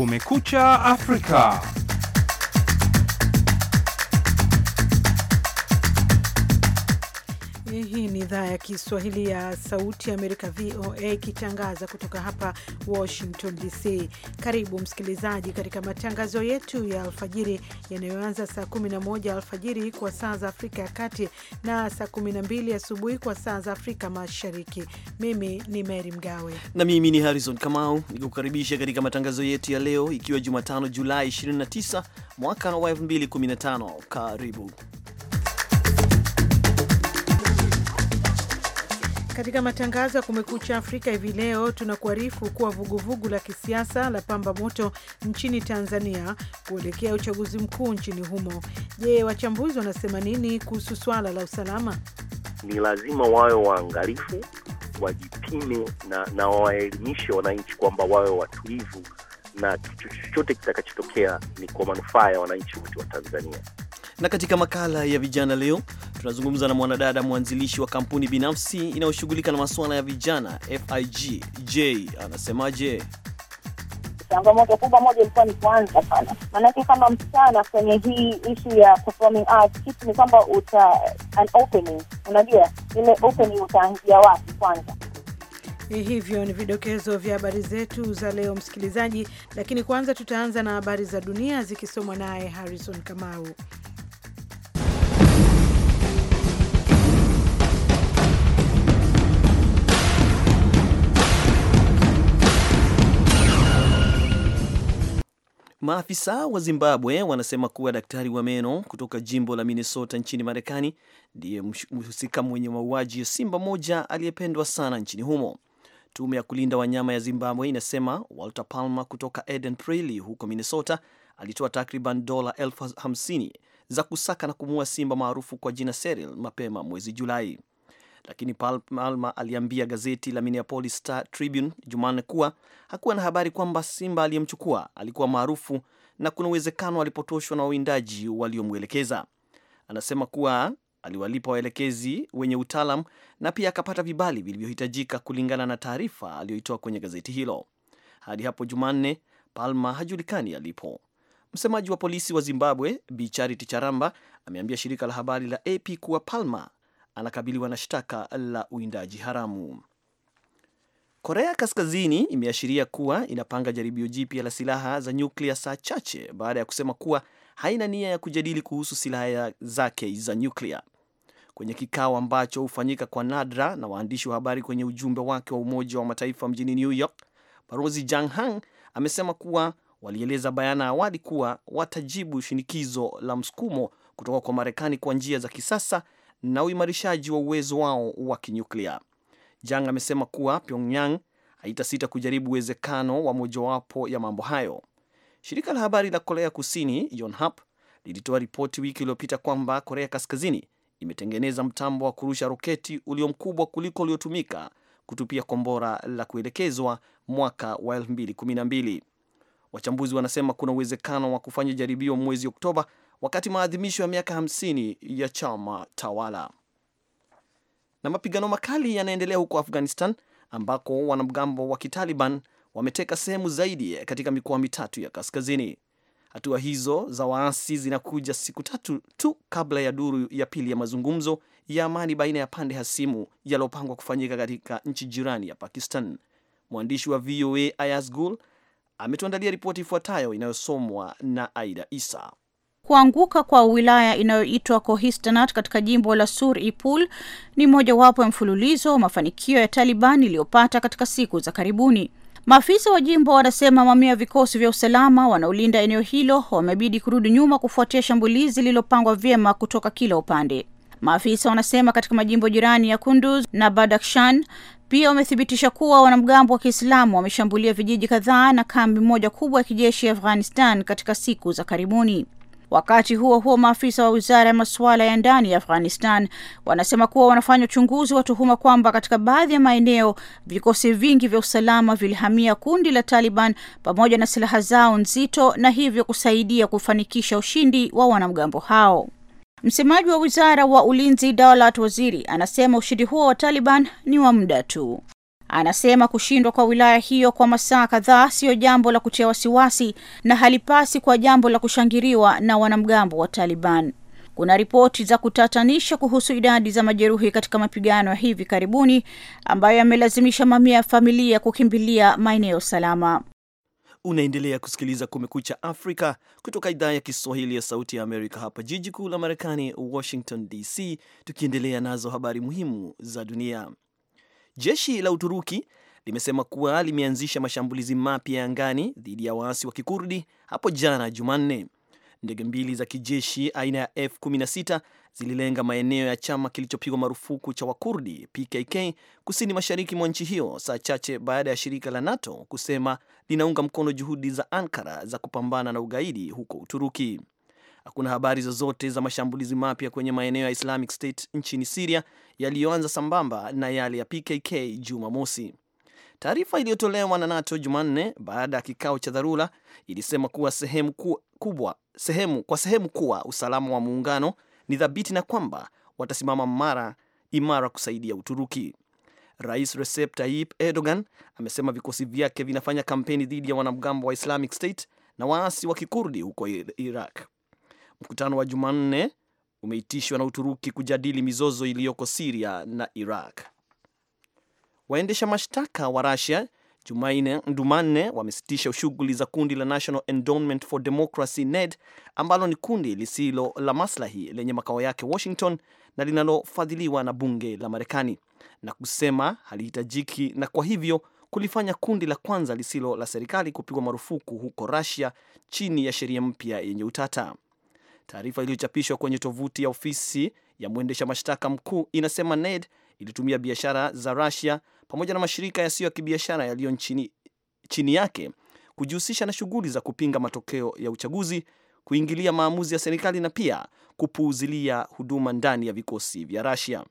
Kumekucha Afrika. ni idhaa ya Kiswahili ya Sauti ya Amerika, VOA, ikitangaza kutoka hapa Washington DC. Karibu msikilizaji katika matangazo yetu ya alfajiri yanayoanza saa 11 alfajiri kwa saa za Afrika ya Kati na saa 12 asubuhi kwa saa za Afrika Mashariki. Mimi ni Mary Mgawe na mimi ni Harrison Kamau nikukaribisha katika matangazo yetu ya leo, ikiwa Jumatano Julai 29 mwaka wa 2015. Karibu Katika matangazo ya Kumekucha Afrika hivi leo tunakuarifu kuwa vuguvugu la kisiasa la pamba moto nchini Tanzania kuelekea uchaguzi mkuu nchini humo. Je, wachambuzi wanasema nini kuhusu swala la usalama? Ni lazima wawe waangalifu, wajipime na, na wawaelimishe wananchi kwamba wawe watulivu na chochote kitakachotokea ni kwa manufaa ya wananchi wote wa Tanzania. Na katika makala ya vijana leo Tunazungumza na mwanadada mwanzilishi wa kampuni binafsi inayoshughulika na masuala ya vijana FIG. J anasemaje? Changamoto kubwa moja ilikuwa ni kuanza sana, maanake kama msichana kwenye hii ishu ya performing arts, kitu ni kwamba uta an opening, unajua ile opening utaanzia wapi kwanza. Eh, hivyo ni vidokezo vya habari zetu za leo, msikilizaji, lakini kwanza tutaanza na habari za dunia zikisomwa naye Harrison Kamau. Maafisa wa Zimbabwe wanasema kuwa daktari wa meno kutoka jimbo la Minnesota nchini Marekani ndiye mhusika mwenye mauaji ya simba moja aliyependwa sana nchini humo. Tume ya kulinda wanyama ya Zimbabwe inasema Walter Palmer kutoka Eden Prairie huko Minnesota alitoa takriban dola elfu hamsini za kusaka na kumua simba maarufu kwa jina Seril mapema mwezi Julai lakini palma aliambia gazeti la Minneapolis Star Tribune Jumanne kuwa hakuwa na habari kwamba simba aliyemchukua alikuwa maarufu na kuna uwezekano alipotoshwa na wawindaji waliomwelekeza. Anasema kuwa aliwalipa waelekezi wenye utaalam na pia akapata vibali vilivyohitajika kulingana na taarifa aliyoitoa kwenye gazeti hilo. Hadi hapo Jumanne, Palma hajulikani alipo. Msemaji wa polisi wa Zimbabwe Bi Charity Charamba ameambia shirika la habari la AP kuwa Palma anakabiliwa na shtaka la uwindaji haramu. Korea Kaskazini imeashiria kuwa inapanga jaribio jipya la silaha za nyuklia saa chache baada ya kusema kuwa haina nia ya kujadili kuhusu silaha zake za nyuklia kwenye kikao ambacho hufanyika kwa nadra na waandishi wa habari kwenye ujumbe wake wa Umoja wa Mataifa mjini New York, Balozi Jang Hang amesema kuwa walieleza bayana awali kuwa watajibu shinikizo la msukumo kutoka kwa Marekani kwa njia za kisasa na uimarishaji wa uwezo wao wa kinyuklia. Jang amesema kuwa Pyongyang haitasita kujaribu uwezekano wa mojawapo ya mambo hayo. Shirika la habari la Korea Kusini Yonhap lilitoa ripoti wiki iliyopita kwamba Korea Kaskazini imetengeneza mtambo wa kurusha roketi ulio mkubwa kuliko uliotumika kutupia kombora la kuelekezwa mwaka wa 2012. Wachambuzi wanasema kuna uwezekano wa kufanya jaribio mwezi Oktoba wakati maadhimisho ya miaka 50 ya chama tawala. Na mapigano makali yanaendelea huko Afghanistan ambako wanamgambo wa kitaliban wameteka sehemu zaidi katika mikoa mitatu ya kaskazini. Hatua hizo za waasi zinakuja siku tatu tu kabla ya duru ya pili ya mazungumzo ya amani baina ya pande hasimu yaliyopangwa kufanyika katika nchi jirani ya Pakistan. Mwandishi wa VOA Ayaz Gul ametuandalia ripoti ifuatayo inayosomwa na Aida Isa. Kuanguka kwa wilaya inayoitwa Kohistanat katika jimbo la sur ipul ni mojawapo ya mfululizo wa mafanikio ya Taliban iliyopata katika siku za karibuni. Maafisa wa jimbo wanasema mamia ya vikosi vya usalama wanaolinda eneo hilo wamebidi kurudi nyuma kufuatia shambulizi lililopangwa vyema kutoka kila upande. Maafisa wanasema katika majimbo jirani ya Kunduz na Badakhshan pia wamethibitisha kuwa wanamgambo wa Kiislamu wameshambulia vijiji kadhaa na kambi moja kubwa ya kijeshi ya Afghanistan katika siku za karibuni. Wakati huo huo, maafisa wa wizara ya masuala ya ndani ya Afghanistan wanasema kuwa wanafanya uchunguzi wa tuhuma kwamba katika baadhi ya maeneo vikosi vingi vya usalama vilihamia kundi la Taliban pamoja na silaha zao nzito na hivyo kusaidia kufanikisha ushindi wa wanamgambo hao. Msemaji wa wizara wa ulinzi dawlat Waziri anasema ushindi huo wa Taliban ni wa muda tu. Anasema kushindwa kwa wilaya hiyo kwa masaa kadhaa siyo jambo la kutia wasiwasi na halipasi kwa jambo la kushangiriwa na wanamgambo wa Taliban. Kuna ripoti za kutatanisha kuhusu idadi za majeruhi katika mapigano ya hivi karibuni ambayo yamelazimisha mamia ya familia kukimbilia maeneo salama. Unaendelea kusikiliza Kumekucha Afrika kutoka idhaa ya Kiswahili ya Sauti ya Amerika, hapa jiji kuu la Marekani, Washington DC, tukiendelea nazo habari muhimu za dunia. Jeshi la Uturuki limesema kuwa limeanzisha mashambulizi mapya ya angani dhidi ya waasi wa kikurdi hapo jana Jumanne. Ndege mbili za kijeshi aina ya F16 zililenga maeneo ya chama kilichopigwa marufuku cha Wakurdi PKK kusini mashariki mwa nchi hiyo, saa chache baada ya shirika la NATO kusema linaunga mkono juhudi za Ankara za kupambana na ugaidi huko Uturuki. Hakuna habari zozote za mashambulizi mapya kwenye maeneo ya Islamic State nchini Siria yaliyoanza sambamba na yale ya PKK Jumamosi. Taarifa iliyotolewa na NATO Jumanne baada ya kikao cha dharura ilisema kuwa sehemu kubwa, sehemu kwa sehemu kuwa usalama wa muungano ni thabiti na kwamba watasimama mara imara kusaidia Uturuki. Rais Recep Tayyip Erdogan amesema vikosi vyake vinafanya kampeni dhidi ya wanamgambo wa Islamic State na waasi wa Kikurdi huko Iraq. Mkutano wa Jumanne umeitishwa na Uturuki kujadili mizozo iliyoko Siria na Iraq. Waendesha mashtaka wa Rusia Jumanne wamesitisha shughuli za kundi la National Endowment for Democracy NED ambalo ni kundi lisilo la maslahi lenye makao yake Washington na linalofadhiliwa na bunge la Marekani na kusema halihitajiki na kwa hivyo kulifanya kundi la kwanza lisilo la serikali kupigwa marufuku huko Russia chini ya sheria mpya yenye utata. Taarifa iliyochapishwa kwenye tovuti ya ofisi ya mwendesha mashtaka mkuu inasema Ned ilitumia biashara za Russia pamoja na mashirika yasiyo ya kibiashara yaliyo chini, chini yake kujihusisha na shughuli za kupinga matokeo ya uchaguzi, kuingilia maamuzi ya serikali na pia kupuuzilia huduma ndani ya vikosi vya Russia.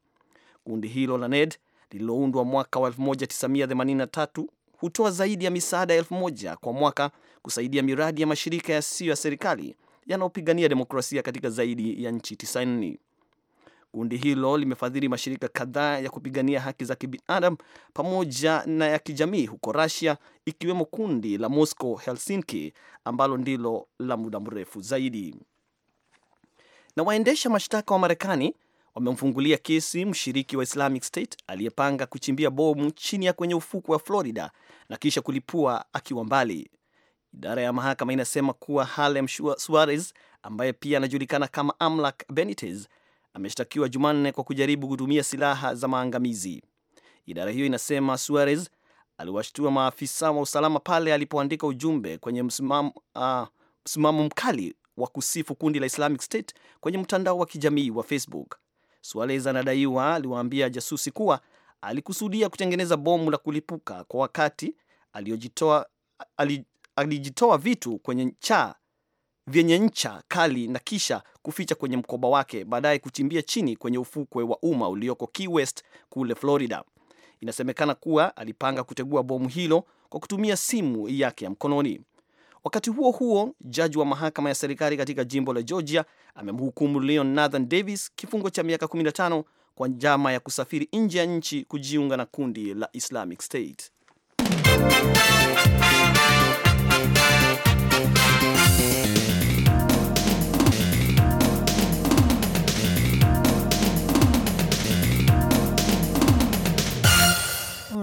Kundi hilo la Ned lililoundwa mwaka wa 1983 hutoa zaidi ya misaada elfu moja kwa mwaka kusaidia miradi ya mashirika yasiyo ya serikali yanayopigania demokrasia katika zaidi ya nchi 90. Kundi hilo limefadhili mashirika kadhaa ya kupigania haki za kibinadamu pamoja na ya kijamii huko Russia, ikiwemo kundi la Moscow Helsinki ambalo ndilo la muda mrefu zaidi. Na waendesha mashtaka wa Marekani wamemfungulia kesi mshiriki wa Islamic State aliyepanga kuchimbia bomu chini ya kwenye ufuku wa Florida na kisha kulipua akiwa mbali. Idara ya mahakama inasema kuwa Halem Suarez ambaye pia anajulikana kama Amlak Benitez ameshtakiwa Jumanne kwa kujaribu kutumia silaha za maangamizi. Idara hiyo inasema Suarez aliwashtua maafisa wa usalama pale alipoandika ujumbe kwenye ah, msimamo uh, mkali wa kusifu kundi la Islamic State kwenye mtandao wa kijamii wa Facebook. Suarez anadaiwa aliwaambia jasusi kuwa alikusudia kutengeneza bomu la kulipuka kwa wakati aliyojitoa ali, alijitoa vitu kwenye ncha vyenye ncha kali na kisha kuficha kwenye mkoba wake, baadaye kuchimbia chini kwenye ufukwe wa umma ulioko Key West kule Florida. Inasemekana kuwa alipanga kutegua bomu hilo kwa kutumia simu yake ya mkononi. Wakati huo huo, jaji wa mahakama ya serikali katika jimbo la Georgia amemhukumu Leon Nathan Davis kifungo cha miaka 15 kwa njama ya kusafiri nje ya nchi kujiunga na kundi la Islamic State.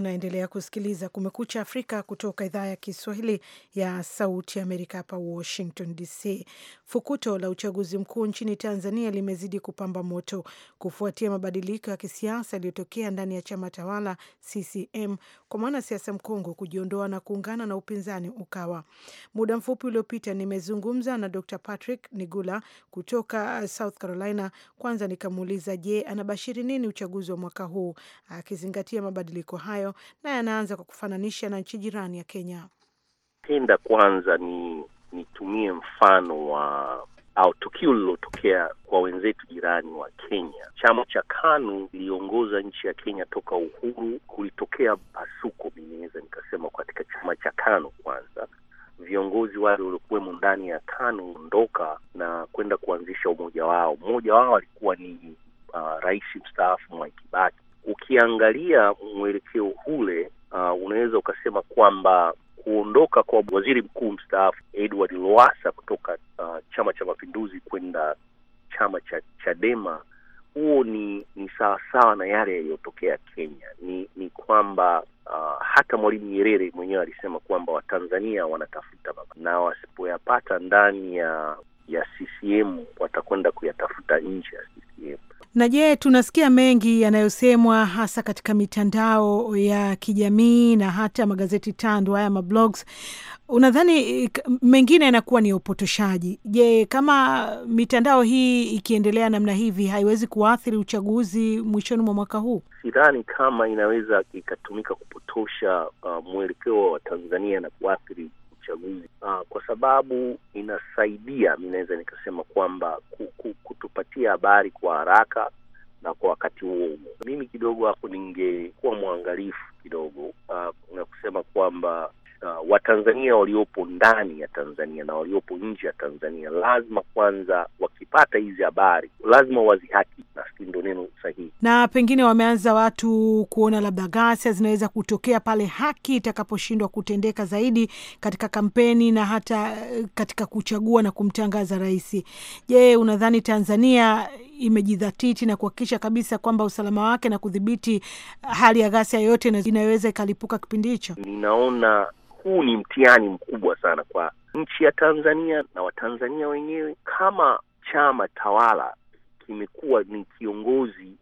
Unaendelea kusikiliza Kumekucha Afrika kutoka idhaa ya Kiswahili ya Sauti Amerika, hapa Washington DC. Fukuto la uchaguzi mkuu nchini Tanzania limezidi kupamba moto kufuatia mabadiliko ya kisiasa yaliyotokea ndani ya chama tawala CCM kwa mwanasiasa mkongwe kujiondoa na kuungana na upinzani Ukawa. Muda mfupi uliopita nimezungumza na Dr Patrick Nigula kutoka South Carolina. Kwanza nikamuuliza, je, anabashiri nini uchaguzi wa mwaka huu akizingatia mabadiliko hayo na yanaanza kwa kufananisha na nchi jirani ya Kenya. Penda kwanza ni nitumie mfano wa au tukio lililotokea kwa wenzetu jirani wa Kenya. Chama cha KANU iliongoza nchi ya Kenya toka uhuru. Kulitokea pasuko, mimi nikasema katika chama cha KANU. Kwanza viongozi wale waliokuwemo ndani ya KANU ondoka na kwenda kuanzisha umoja wao. Mmoja wao alikuwa ni uh, rais mstaafu Mwai Kibaki ukiangalia mwelekeo ule uh, unaweza ukasema kwamba kuondoka kwa waziri mkuu mstaafu Edward Lowassa kutoka uh, Chama cha Mapinduzi kwenda chama cha Chadema, huo ni ni sawasawa na yale yaliyotokea Kenya. Ni ni kwamba uh, hata Mwalimu Nyerere mwenyewe alisema kwamba Watanzania wanatafuta baba na wasipoyapata ndani ya ya CCM watakwenda kuyatafuta nje ya CCM. Na je, tunasikia mengi yanayosemwa hasa katika mitandao ya kijamii na hata magazeti tando haya mablogs. Unadhani mengine yanakuwa ni upotoshaji? Je, kama mitandao hii ikiendelea namna hivi haiwezi kuathiri uchaguzi mwishoni mwa mwaka huu? Sidhani kama inaweza ikatumika kupotosha uh, mwelekeo wa Tanzania na kuathiri uchaguzi uh, kwa sababu inasaidia, mi naweza nikasema kwamba kutupatia habari kwa haraka na kwa wakati huo huo. Mimi kidogo hapo ningekuwa mwangalifu kidogo uh, na kusema kwamba uh, Watanzania waliopo ndani ya Tanzania na waliopo nje ya Tanzania lazima kwanza, wakipata hizi habari lazima wazihaki maneno sahihi. Na pengine wameanza watu kuona labda ghasia zinaweza kutokea pale haki itakaposhindwa kutendeka zaidi katika kampeni na hata eh, katika kuchagua na kumtangaza rais. Je, unadhani Tanzania imejidhatiti na kuhakikisha kabisa kwamba usalama wake na kudhibiti hali ya ghasia yoyote inaweza ikalipuka kipindi hicho? Ninaona huu ni mtihani mkubwa sana kwa nchi ya Tanzania na Watanzania wenyewe kama chama tawala kimekuwa ni kiongozi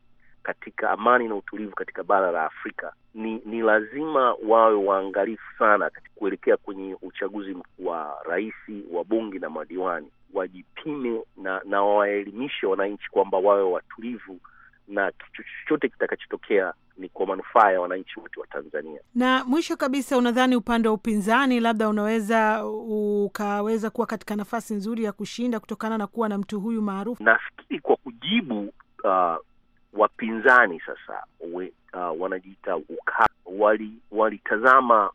katika amani na utulivu katika bara la Afrika, ni ni lazima wawe waangalifu sana kuelekea kwenye uchaguzi mkuu wa rais, wa bunge na madiwani, wajipime na na wawaelimishe wananchi kwamba wawe watulivu na chochote kitakachotokea ni kwa manufaa ya wananchi wote wa Tanzania. Na mwisho kabisa, unadhani upande wa upinzani labda unaweza ukaweza kuwa katika nafasi nzuri ya kushinda kutokana na kuwa na mtu huyu maarufu? Nafikiri kwa kujibu uh, wapinzani sasa we, uh, wanajiita walitazama wali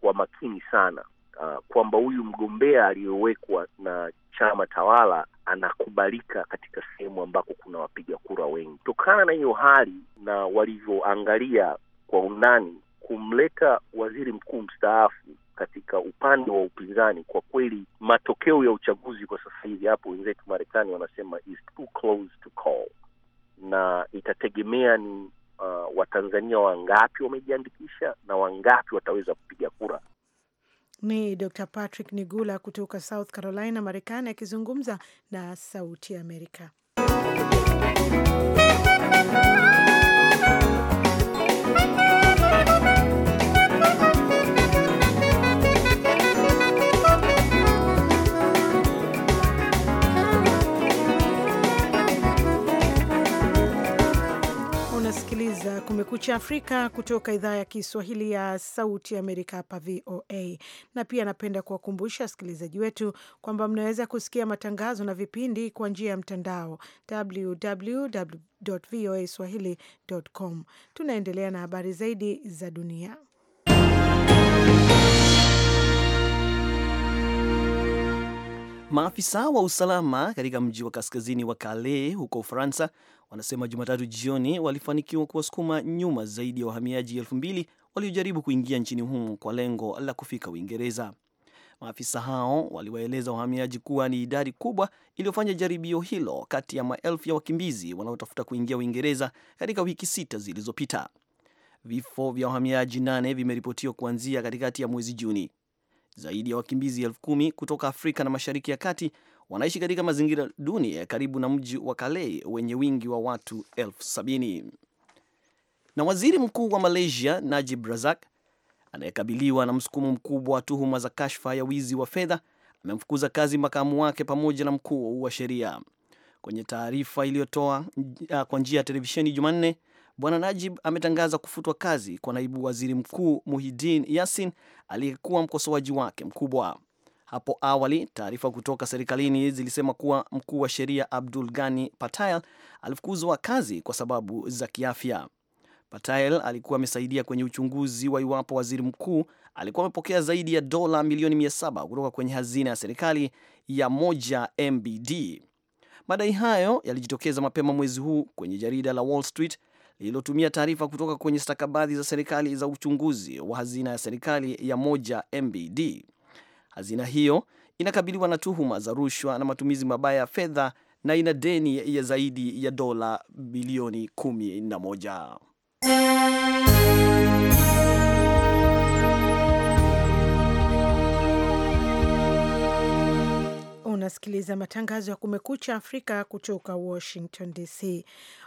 kwa makini sana uh, kwamba huyu mgombea aliyowekwa na chama tawala anakubalika katika sehemu ambako kuna wapiga kura wengi. Kutokana na hiyo hali na walivyoangalia kwa undani, kumleta waziri mkuu mstaafu katika upande wa upinzani, kwa kweli matokeo ya uchaguzi kwa sasa hivi hapo, wenzetu Marekani wanasema is too close to call, na itategemea ni uh, Watanzania wangapi wamejiandikisha na wangapi wataweza kupiga kura ni Dr Patrick Nigula kutoka South Carolina, Marekani, akizungumza na Sauti ya Amerika. Kumekucha Afrika kutoka idhaa ya Kiswahili ya Sauti Amerika hapa VOA. Na pia napenda kuwakumbusha wasikilizaji wetu kwamba mnaweza kusikia matangazo na vipindi kwa njia ya mtandao www.voaswahili.com. Tunaendelea na habari zaidi za dunia. Maafisa wa usalama katika mji wa kaskazini wa Calais huko Ufaransa wanasema Jumatatu jioni walifanikiwa kuwasukuma nyuma zaidi ya wahamiaji elfu mbili waliojaribu kuingia nchini humo kwa lengo la kufika Uingereza. Maafisa hao waliwaeleza wahamiaji kuwa ni idadi kubwa iliyofanya jaribio hilo kati ya maelfu ya wakimbizi wanaotafuta kuingia Uingereza katika wiki sita zilizopita. Vifo vya wahamiaji nane vimeripotiwa kuanzia katikati ya mwezi Juni. Zaidi ya wakimbizi elfu kumi kutoka Afrika na Mashariki ya Kati wanaishi katika mazingira duni ya eh, karibu na mji wa kalei wenye wingi wa watu elfu sabini. Na waziri mkuu wa Malaysia Najib Razak anayekabiliwa na msukumo mkubwa wa tuhuma za kashfa ya wizi wa fedha amemfukuza kazi makamu wake pamoja na mkuu wa sheria. Kwenye taarifa iliyotoa eh, kwa njia ya televisheni Jumanne, Bwana Najib ametangaza kufutwa kazi kwa naibu waziri mkuu Muhidin Yasin aliyekuwa mkosoaji wake mkubwa. Hapo awali taarifa kutoka serikalini zilisema kuwa mkuu wa sheria Abdul Ghani Patael alifukuzwa kazi kwa sababu za kiafya. Patael alikuwa amesaidia kwenye uchunguzi wa iwapo waziri mkuu alikuwa amepokea zaidi ya dola milioni 700 kutoka kwenye hazina ya serikali ya moja MBD. Madai hayo yalijitokeza mapema mwezi huu kwenye jarida la Wall Street lililotumia taarifa kutoka kwenye stakabadhi za serikali za uchunguzi wa hazina ya serikali ya moja MBD. Hazina hiyo inakabiliwa na tuhuma za rushwa na matumizi mabaya ya fedha na ina deni ya zaidi ya dola bilioni 11. unasikiliza matangazo ya Kumekucha Afrika kutoka Washington DC.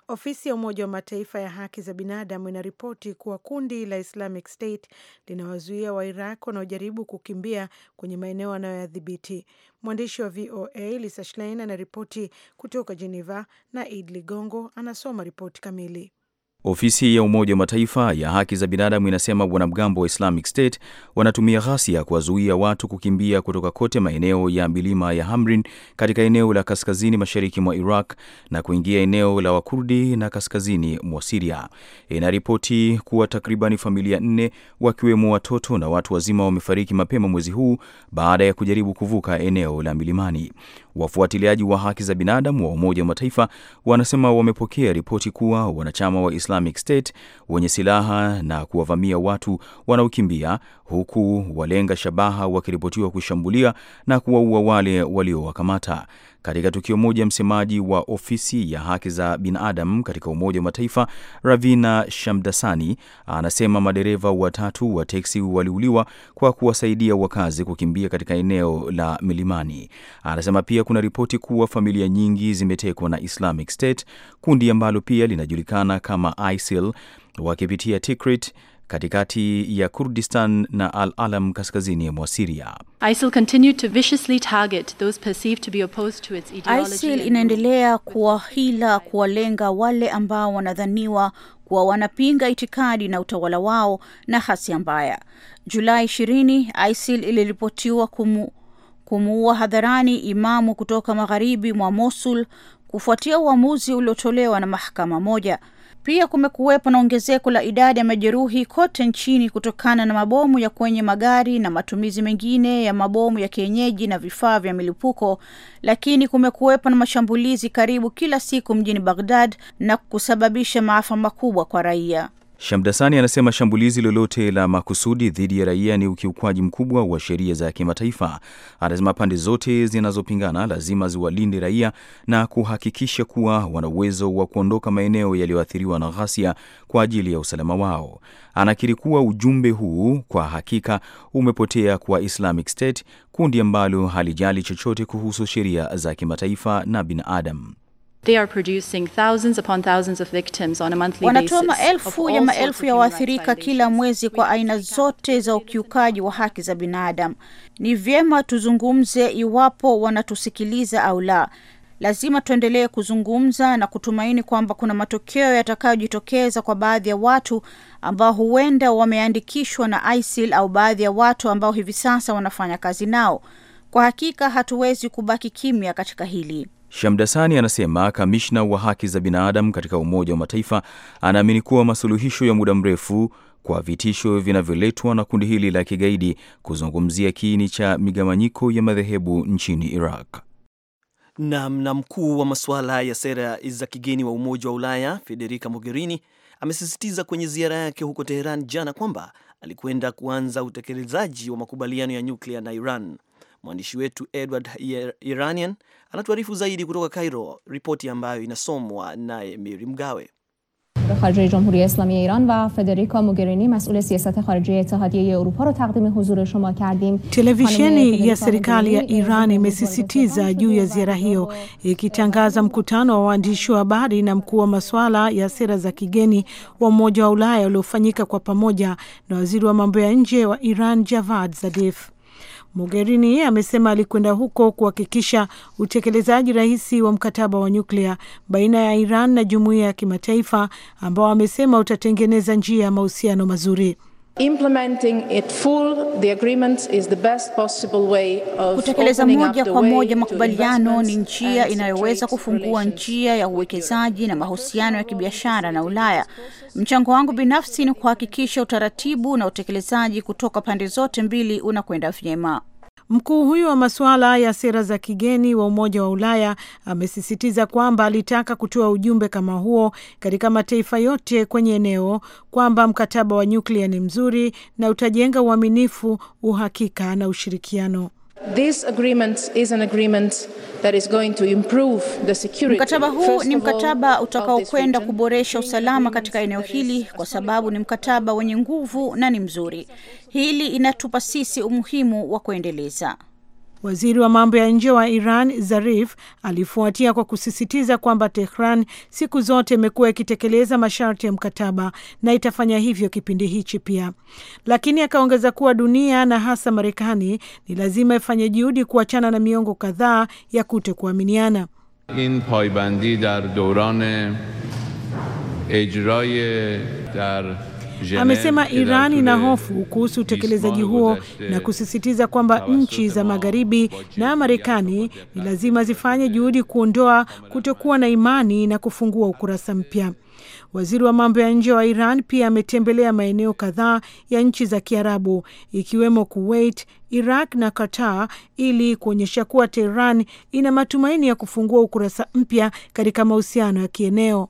Ofisi ya Umoja wa Mataifa ya haki za binadamu inaripoti kuwa kundi la Islamic State linawazuia Wairaq wanaojaribu kukimbia kwenye maeneo anayoyadhibiti Mwandishi wa VOA Lisa Schlein anaripoti kutoka Geneva na Id Ligongo anasoma ripoti kamili. Ofisi ya Umoja wa Mataifa ya haki za binadamu inasema wanamgambo wa Islamic State wanatumia ghasia kuwazuia watu kukimbia kutoka kote maeneo ya milima ya Hamrin katika eneo la kaskazini mashariki mwa Iraq na kuingia eneo la Wakurdi na kaskazini mwa Siria. Inaripoti kuwa takribani familia nne wakiwemo watoto na watu wazima wamefariki mapema mwezi huu baada ya kujaribu kuvuka eneo la milimani. Wafuatiliaji wa haki za binadamu wa Umoja wa Mataifa wanasema wamepokea ripoti kuwa wanachama wa Islam Islamic State wenye silaha na kuwavamia watu wanaokimbia huku walenga shabaha wakiripotiwa kushambulia na kuwaua wale waliowakamata. Katika tukio moja, msemaji wa ofisi ya haki za binadamu katika Umoja wa Mataifa Ravina Shamdasani anasema madereva watatu wa teksi waliuliwa kwa kuwasaidia wakazi kukimbia katika eneo la milimani. Anasema pia kuna ripoti kuwa familia nyingi zimetekwa na Islamic State, kundi ambalo pia linajulikana kama ISIL wakipitia Tikrit katikati ya Kurdistan na Al Alam kaskazini mwa Siria. ISIL continued to viciously target those perceived to be opposed to its ideology. ISIL inaendelea kuwahila kuwalenga wale ambao wanadhaniwa kuwa wanapinga itikadi na utawala wao na hasia mbaya. Julai 20 ISIL iliripotiwa kumu kumuua hadharani imamu kutoka magharibi mwa Mosul kufuatia uamuzi uliotolewa na mahakama moja. Pia kumekuwepo na ongezeko la idadi ya majeruhi kote nchini kutokana na mabomu ya kwenye magari na matumizi mengine ya mabomu ya kienyeji na vifaa vya milipuko, lakini kumekuwepo na mashambulizi karibu kila siku mjini Baghdad na kusababisha maafa makubwa kwa raia. Shamdasani anasema shambulizi lolote la makusudi dhidi ya raia ni ukiukwaji mkubwa wa sheria za kimataifa. Anasema pande zote zinazopingana lazima ziwalinde raia na kuhakikisha kuwa wana uwezo wa kuondoka maeneo yaliyoathiriwa na ghasia kwa ajili ya usalama wao. Anakiri kuwa ujumbe huu kwa hakika umepotea kwa Islamic State, kundi ambalo halijali chochote kuhusu sheria za kimataifa na binadamu. They are producing thousands upon thousands of victims on a monthly basis. Wanatoa maelfu ya maelfu ya waathirika kila mwezi kwa aina zote za ukiukaji wa haki za binadamu. Ni vyema tuzungumze iwapo wanatusikiliza au la. Lazima tuendelee kuzungumza na kutumaini kwamba kuna matokeo yatakayojitokeza kwa baadhi ya watu ambao huenda wameandikishwa na ISIL au baadhi ya watu ambao hivi sasa wanafanya kazi nao. Kwa hakika hatuwezi kubaki kimya katika hili. Shamdasani anasema kamishna wa haki za binadamu katika Umoja wa Mataifa anaamini kuwa masuluhisho ya muda mrefu kwa vitisho vinavyoletwa na kundi hili la kigaidi kuzungumzia kiini cha migawanyiko ya madhehebu nchini Iraq. Nam na mkuu wa masuala ya sera za kigeni wa Umoja wa Ulaya Federica Mogherini amesisitiza kwenye ziara yake huko Teheran jana kwamba alikwenda kuanza utekelezaji wa makubaliano ya nyuklia na Iran. Mwandishi wetu Edward Iranian anatuarifu zaidi kutoka Cairo, ripoti ambayo inasomwa naye Miri Mgawe. Televisheni ya serikali ya Iran imesisitiza juu ya ziara hiyo ikitangaza mkutano wa waandishi wa habari na mkuu wa masuala ya sera za kigeni wa Umoja wa Ulaya uliofanyika kwa pamoja na waziri wa mambo ya nje wa Iran Javad Zarif. Mogherini amesema alikwenda huko kuhakikisha utekelezaji rahisi wa mkataba wa nyuklia baina ya Iran na jumuiya ya kimataifa ambao amesema utatengeneza njia ya mahusiano mazuri. Kutekeleza moja kwa moja makubaliano ni njia inayoweza kufungua njia ya uwekezaji na mahusiano ya kibiashara na Ulaya. Mchango wangu binafsi ni kuhakikisha utaratibu na utekelezaji kutoka pande zote mbili unakwenda vyema. Mkuu huyo wa masuala ya sera za kigeni wa Umoja wa Ulaya amesisitiza kwamba alitaka kutoa ujumbe kama huo katika mataifa yote kwenye eneo kwamba mkataba wa nyuklia ni mzuri na utajenga uaminifu, uhakika na ushirikiano. Mkataba huu ni mkataba utakaokwenda kuboresha usalama katika eneo hili, kwa sababu ni mkataba wenye nguvu na ni mzuri. Hili inatupa sisi umuhimu wa kuendeleza Waziri wa mambo ya nje wa Iran Zarif alifuatia kwa kusisitiza kwamba Tehran siku zote imekuwa ikitekeleza masharti ya mkataba na itafanya hivyo kipindi hichi pia, lakini akaongeza kuwa dunia na hasa Marekani ni lazima ifanye juhudi kuachana na miongo kadhaa ya kuto kuaminiana. in paibandi dar dorane ejraye dar Amesema Iran ina hofu kuhusu utekelezaji huo na kusisitiza kwamba nchi za Magharibi na Marekani ni lazima zifanye juhudi kuondoa kutokuwa na imani na kufungua ukurasa mpya. Waziri wa mambo ya nje wa Iran pia ametembelea maeneo kadhaa ya nchi za Kiarabu ikiwemo Kuwait, Iraq na Qatar ili kuonyesha kuwa Tehran ina matumaini ya kufungua ukurasa mpya katika mahusiano ya kieneo.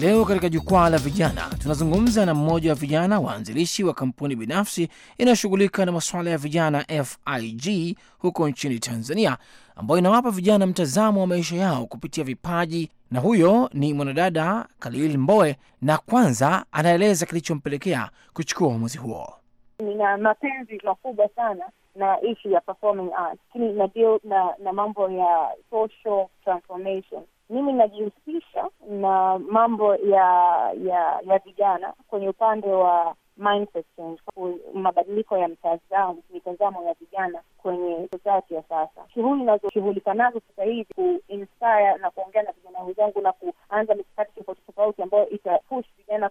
Leo katika jukwaa la vijana tunazungumza na mmoja wa vijana waanzilishi wa kampuni binafsi inayoshughulika na masuala ya vijana FIG huko nchini Tanzania, ambayo inawapa vijana mtazamo wa maisha yao kupitia vipaji, na huyo ni mwanadada Khalil Mboe, na kwanza anaeleza kilichompelekea kuchukua uamuzi huo. Nina mapenzi makubwa sana na ishu ya performing arts, lakini na deal na, na mambo ya social transformation mimi najihusisha na mambo ya ya ya vijana kwenye upande wa mindset change, mabadiliko ya mtazamo mitazamo ya vijana kwenye society ya sasa. Shughuli inazoshughulika nazo sasa hivi kuinspire na kuongea na vijana wenzangu na kuanza mikakati tofauti tofauti ambayo itapush vijana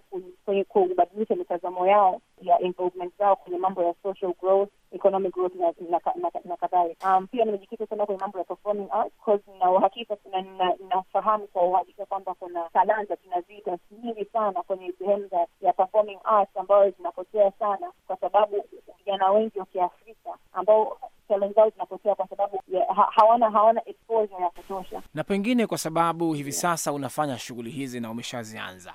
kubadilisha mitazamo yao ya involvement zao kwenye mambo ya social growth economic growth na, na, na, na kadhalika. Um, pia nimejikita sana kwenye mambo ya performing arts na uhakika nafahamu kwa uhakika kwamba kuna talanta tunaziita nyingi sana kwenye sehemu ya performing arts ambayo zinapotea sana, kwa sababu vijana wengi wa Kiafrika ambao talent zao zinapotea kwa sababu ha, hawana hawana exposure ya kutosha, na pengine kwa sababu hivi yeah, sasa unafanya shughuli hizi na umeshazianza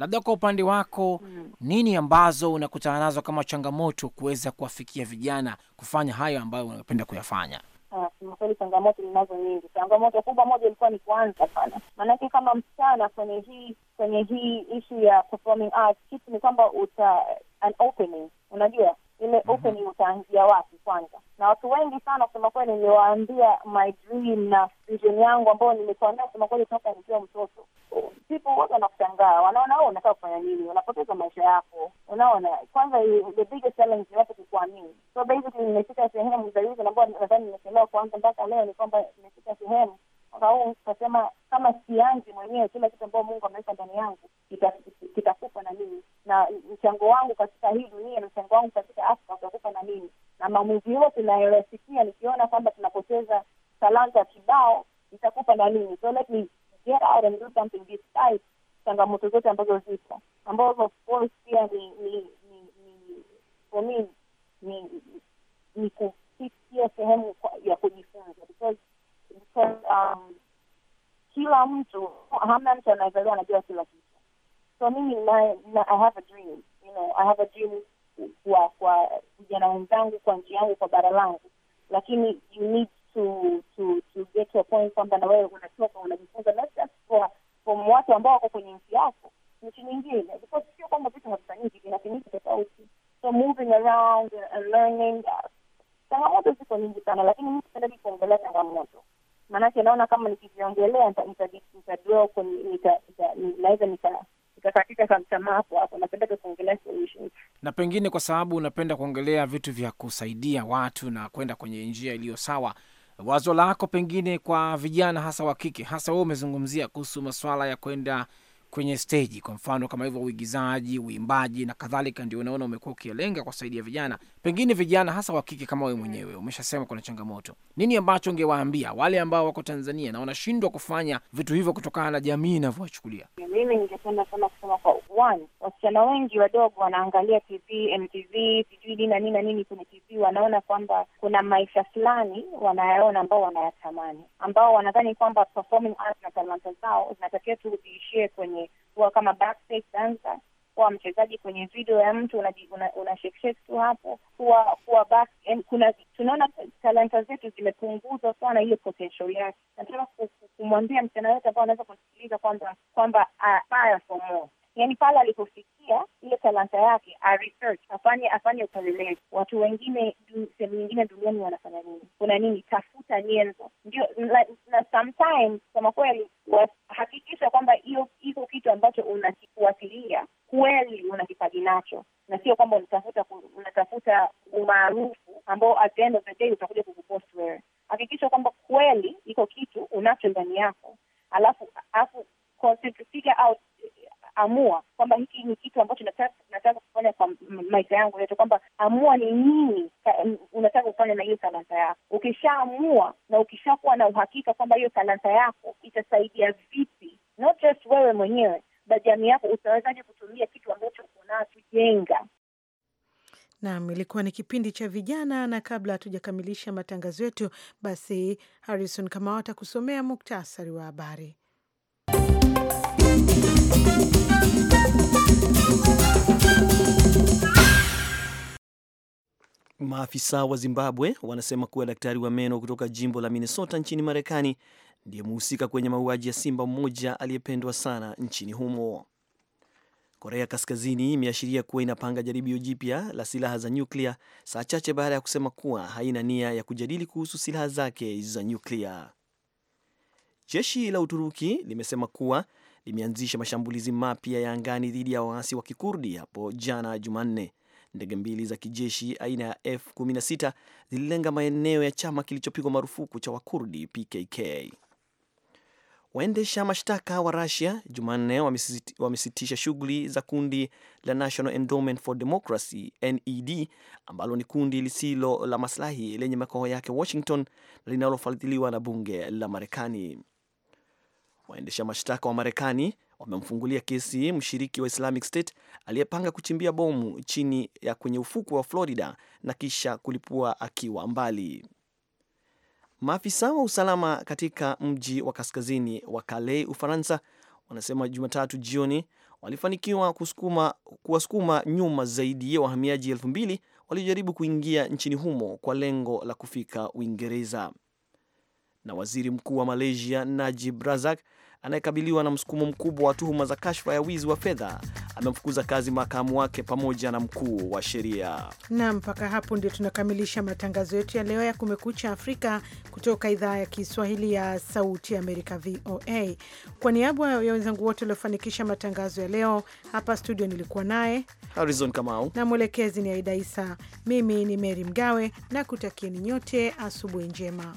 labda kwa upande wako mm, nini ambazo unakutana nazo kama changamoto kuweza kuwafikia vijana kufanya hayo ambayo unapenda kuyafanya? Ah, kweli changamoto ninazo nyingi. Changamoto kubwa moja ilikuwa ni kuanza sana, maanake kama msichana kwenye hii kwenye hii ishu ya performing arts, kitu ni kwamba uta an opening, unajua ile mhm. opening utaanzia wapi kwanza? Na watu wengi sana kusema kweli niliwaambia my dream na vision yangu ambayo nimekuwa kusema kweli toka nikiwa mtoto, people watu wanakushangaa, wanaona u oh, unataka kufanya nini, unapoteza maisha yako. Unaona, kwanza the biggest challenge ni kukuamini. So basically nimefika sehemu za hizo, nambao nadhani nimechelewa kwanza mpaka leo, ni kwamba nimefika sehemu mwaka kasema kama sianzi mwenyewe, kila kitu ambayo Mungu ameweka ndani yangu kitakufa na mimi, na mchango wangu katika hii dunia na mchango wangu katika Afrika utakufa na mimi, na maumivu yote nayoyasikia nikiona kwamba tunapoteza talanta kibao itakufa na mimi. So let me get out and do something changamoto zote ambazo zipo, ambazo of course pia ni ni ni, ni for me ni ni, ni kupitia sehemu ya kujifunza because because um, kila mtu hamna mtu anaezaliwa anajua kila kitu. So mimi I have a dream you know, I have a dream kwa kwa vijana wenzangu, kwa nchi yangu, kwa bara langu, lakini you need to to to get to a point kwamba na wewe unatoka unaji watu ambao wako kwenye nchi yako nchi nyingine, because sio kwamba vitu havifanyiki, vinafanyika tofauti. So moving around and learning, uh, changamoto ziko nyingi sana, lakini mi sipendaji kuongelea changamoto, maanake naona kama nikiviongelea naweza nikakatika mtamaa hapo hapo. Napendaga kuongelea na pengine kwa sababu unapenda kuongelea vitu vya kusaidia watu na kwenda kwenye njia iliyo sawa wazo lako pengine kwa vijana hasa wa kike, hasa wewe umezungumzia kuhusu masuala ya kwenda kwenye steji, kwa mfano kama hivyo uigizaji, uimbaji na kadhalika, ndio unaona umekuwa ukilenga kusaidia vijana, pengine vijana hasa wa kike kama wewe mwenyewe umeshasema kuna changamoto. Nini ambacho ungewaambia wale ambao wako Tanzania na wanashindwa kufanya vitu hivyo kutokana na jamii inavyowachukulia? Mimi ningependa sana kusema kwa one, wasichana wengi wadogo wanaangalia TV, MTV, sijui nini na nini na nini kwenye TV, wanaona kwamba kuna maisha fulani wanayaona ambao wanayatamani, ambao wanadhani kwamba performing arts na talanta zao zinatakiwa tu ziishie kwenye kuwa kama backstage dancer, kuwa mchezaji kwenye video ya mtu una, una, una shake tu hapo, kuwa kuwa back and kuna tunaona talanta zetu zimepunguzwa sana ile potential yake. Nataka kumwambia msichana yote ambao anaweza kusikiliza kwamba kwamba haya ah, for more yani pale alipofikia ile talanta yake a research, afanye afanye upelelezi, watu wengine sehemu nyingine duniani wanafanya nini, kuna nini, tafuta nyenzo ndio na, na sometimes kama kweli hakikisha kwamba hiyo iko kitu ambacho unakifuatilia kweli una kipaji nacho, na sio kwamba unatafuta unatafuta umaarufu ambao at the end of the day utakuja kukupost wewe. Hakikisha kwamba kweli iko kitu unacho ndani yako, alafu alafu figure out amua kwamba hiki ni kitu ambacho nataka kufanya kwa maisha yangu yote, kwamba amua ni nini unataka kufanya na hiyo talanta yako. Ukishaamua na ukishakuwa na uhakika kwamba hiyo talanta yako itasaidia vipi, not just wewe mwenyewe but jamii yako, utawezaje kutumia kitu ambacho unachojenga. Nam, ilikuwa ni kipindi cha vijana, na kabla hatujakamilisha matangazo yetu, basi Harrison Kamau atakusomea muktasari wa habari. Maafisa wa Zimbabwe wanasema kuwa daktari wa meno kutoka jimbo la Minnesota nchini Marekani ndiye muhusika kwenye mauaji ya simba mmoja aliyependwa sana nchini humo. Korea Kaskazini imeashiria kuwa inapanga jaribio jipya la silaha za nyuklia saa chache baada ya kusema kuwa haina nia ya kujadili kuhusu silaha zake za nyuklia. Jeshi la Uturuki limesema kuwa limeanzisha mashambulizi mapya ya angani dhidi ya waasi wa kikurdi hapo jana Jumanne. Ndege mbili za kijeshi aina ya F16 zililenga maeneo ya chama kilichopigwa marufuku cha Wakurdi PKK. Waendesha mashtaka wa Rusia Jumanne wamesitisha shughuli za kundi la National Endowment for Democracy NED ambalo ni kundi lisilo la maslahi lenye makao yake Washington na linalofadhiliwa na bunge la Marekani. Waendesha mashtaka wa Marekani wamemfungulia kesi mshiriki wa Islamic State aliyepanga kuchimbia bomu chini ya kwenye ufukwe wa Florida na kisha kulipua akiwa mbali. Maafisa wa usalama katika mji wa kaskazini wa Calais, Ufaransa, wanasema Jumatatu jioni walifanikiwa kuwasukuma nyuma zaidi ya wahamiaji elfu mbili waliojaribu kuingia nchini humo kwa lengo la kufika Uingereza na waziri mkuu wa Malaysia Najib Razak anayekabiliwa na msukumo mkubwa wa tuhuma za kashfa ya wizi wa fedha amemfukuza kazi makamu wake pamoja na mkuu wa sheria. Na mpaka hapo ndio tunakamilisha matangazo yetu ya leo ya Kumekucha Afrika kutoka idhaa ya Kiswahili ya Sauti Amerika, VOA. Kwa niaba ya wenzangu wote waliofanikisha matangazo ya leo hapa studio, nilikuwa naye Harizon Kamau na mwelekezi ni Aida Isa. Mimi ni Meri Mgawe na kutakieni nyote asubuhi njema.